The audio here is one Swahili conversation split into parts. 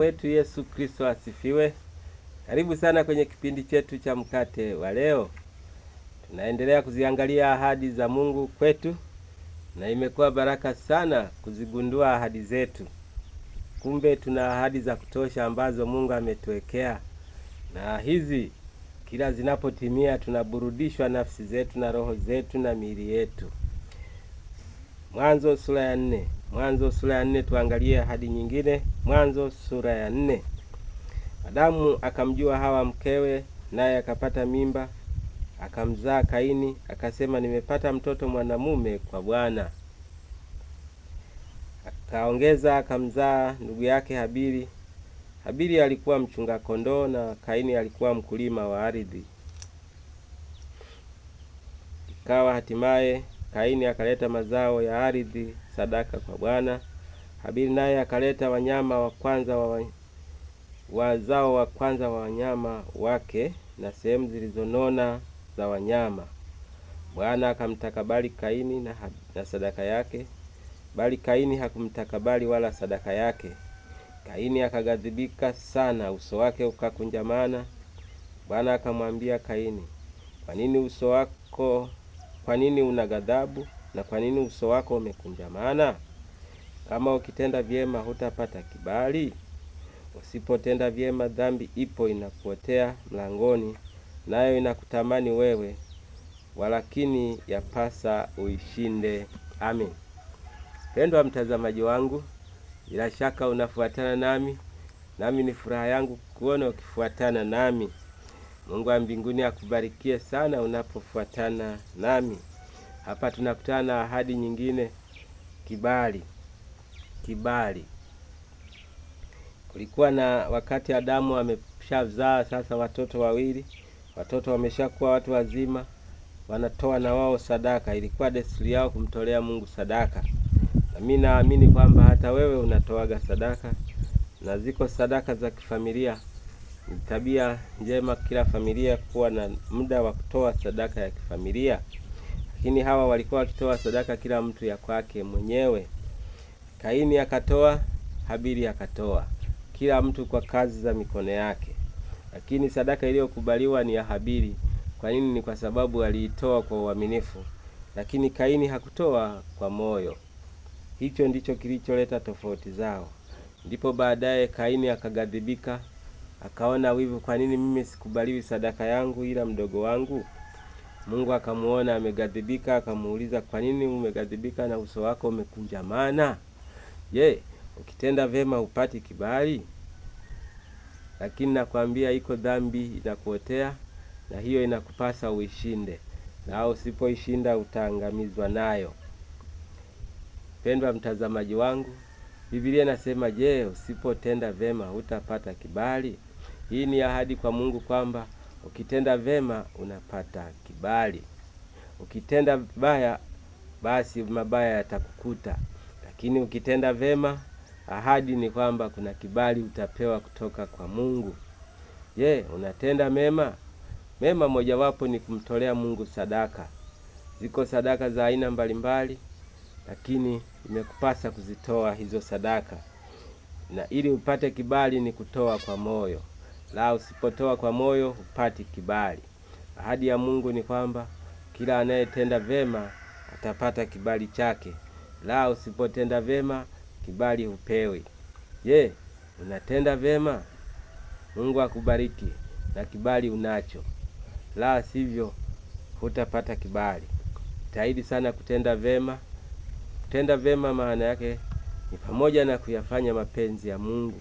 wetu Yesu Kristo asifiwe. Karibu sana kwenye kipindi chetu cha mkate wa leo. Tunaendelea kuziangalia ahadi za Mungu kwetu na imekuwa baraka sana kuzigundua ahadi zetu. Kumbe tuna ahadi za kutosha ambazo Mungu ametuwekea, na hizi kila zinapotimia tunaburudishwa nafsi zetu na roho zetu na miili yetu. Mwanzo sura ya nne Mwanzo sura ya nne, tuangalie ahadi nyingine. Mwanzo sura ya nne. Adamu akamjua Hawa mkewe, naye akapata mimba, akamzaa Kaini, akasema nimepata mtoto mwanamume kwa Bwana. Akaongeza akamzaa ndugu yake Habili. Habili alikuwa mchunga kondoo na Kaini alikuwa mkulima wa ardhi. Ikawa hatimaye Kaini akaleta mazao ya ardhi sadaka kwa Bwana. Habili naye akaleta wanyama wa kwanza wa wazao wa kwanza wa wanyama wake na sehemu zilizonona za wanyama. Bwana akamtakabali Kaini na, na sadaka yake, bali Kaini hakumtakabali wala sadaka yake. Kaini akaghadhibika sana, uso wake ukakunjamana. Bwana akamwambia Kaini, kwa nini uso wako kwa nini una ghadhabu na kwa nini uso wako umekunjamana? Kama ukitenda vyema hutapata kibali. Usipotenda vyema, dhambi ipo inakuotea mlangoni, nayo inakutamani wewe, walakini yapasa uishinde. Amen. Pendwa mtazamaji wangu, bila shaka unafuatana nami, nami ni furaha yangu kuona ukifuatana nami. Mungu wa mbinguni akubarikie sana unapofuatana nami. Hapa tunakutana na ahadi nyingine, kibali. Kibali kulikuwa na wakati Adamu ameshazaa sasa watoto wawili, watoto wameshakuwa watu wazima, wanatoa na wao sadaka. Ilikuwa desturi yao kumtolea Mungu sadaka, na mimi naamini kwamba hata wewe unatoaga sadaka, na ziko sadaka za kifamilia ni tabia njema kila familia kuwa na muda wa kutoa sadaka ya kifamilia, lakini hawa walikuwa wakitoa sadaka kila mtu ya kwake mwenyewe. Kaini akatoa, Habili akatoa, kila mtu kwa kazi za mikono yake, lakini sadaka iliyokubaliwa ni ya Habili. Kwa nini? Ni kwa sababu aliitoa kwa uaminifu, lakini Kaini hakutoa kwa moyo. Hicho ndicho kilicholeta tofauti zao. Ndipo baadaye Kaini akagadhibika akaona wivu, kwa nini mimi sikubaliwi sadaka yangu ila mdogo wangu? Mungu akamuona amegadhibika, akamuuliza, kwa nini umegadhibika na uso wako umekunjamana? Je, ukitenda vema upati kibali? Lakini nakwambia iko dhambi inakuotea, na hiyo inakupasa uishinde, na usipoishinda utaangamizwa nayo. Pendwa mtazamaji wangu, Biblia inasema, je, usipotenda vema utapata kibali? Hii ni ahadi kwa Mungu kwamba ukitenda vema unapata kibali, ukitenda vibaya basi mabaya yatakukuta. Lakini ukitenda vema, ahadi ni kwamba kuna kibali utapewa kutoka kwa Mungu. Je, unatenda mema? Mema mojawapo ni kumtolea Mungu sadaka. Ziko sadaka za aina mbalimbali, lakini imekupasa kuzitoa hizo sadaka, na ili upate kibali ni kutoa kwa moyo la usipotoa kwa moyo hupati kibali. Ahadi ya Mungu ni kwamba kila anayetenda vema atapata kibali chake, la usipotenda vema kibali hupewi. Je, unatenda vema Mungu akubariki na kibali unacho, la sivyo hutapata kibali. Jitahidi sana kutenda vema Kutenda vema maana yake ni pamoja na kuyafanya mapenzi ya Mungu.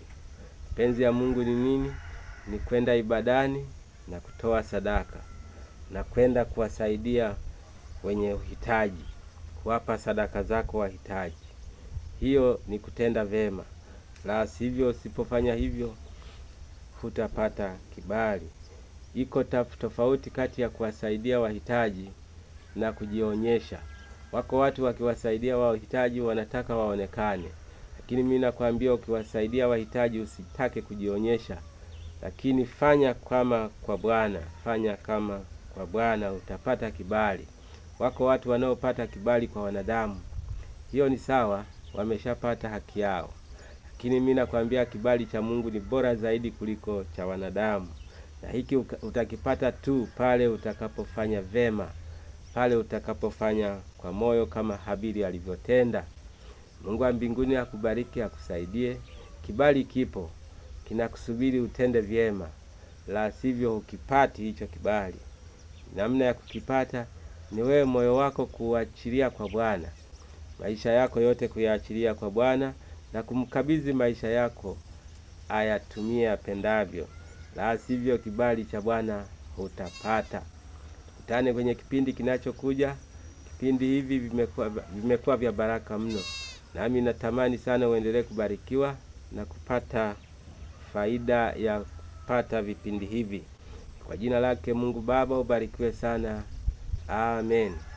Mapenzi ya Mungu ni nini? ni kwenda ibadani na kutoa sadaka na kwenda kuwasaidia wenye uhitaji, kuwapa sadaka zako wahitaji. Hiyo ni kutenda vema, la sivyo, usipofanya hivyo hutapata kibali. Iko tofauti kati ya kuwasaidia wahitaji na kujionyesha. Wako watu wakiwasaidia wahitaji wanataka waonekane, lakini mimi nakwambia, ukiwasaidia wahitaji usitake kujionyesha lakini fanya kama kwa Bwana, fanya kama kwa Bwana utapata kibali. Wako watu wanaopata kibali kwa wanadamu, hiyo ni sawa, wameshapata haki yao, lakini mimi nakwambia kibali cha Mungu ni bora zaidi kuliko cha wanadamu, na hiki utakipata tu pale utakapofanya vema, pale utakapofanya kwa moyo kama Habili alivyotenda. Mungu wa mbinguni akubariki, akusaidie. Kibali kipo kinakusubiri utende vyema, la sivyo hukipati hicho kibali. Namna ya kukipata ni wewe moyo wako kuachilia kwa Bwana, maisha yako yote kuyaachilia kwa Bwana na kumkabidhi maisha yako ayatumie apendavyo, la sivyo kibali cha Bwana hutapata. Kutane kwenye kipindi kinachokuja. Vipindi hivi vimekuwa vimekuwa vya baraka mno, nami natamani sana uendelee kubarikiwa na kupata faida ya kupata vipindi hivi. Kwa jina lake Mungu Baba, ubarikiwe sana. Amen.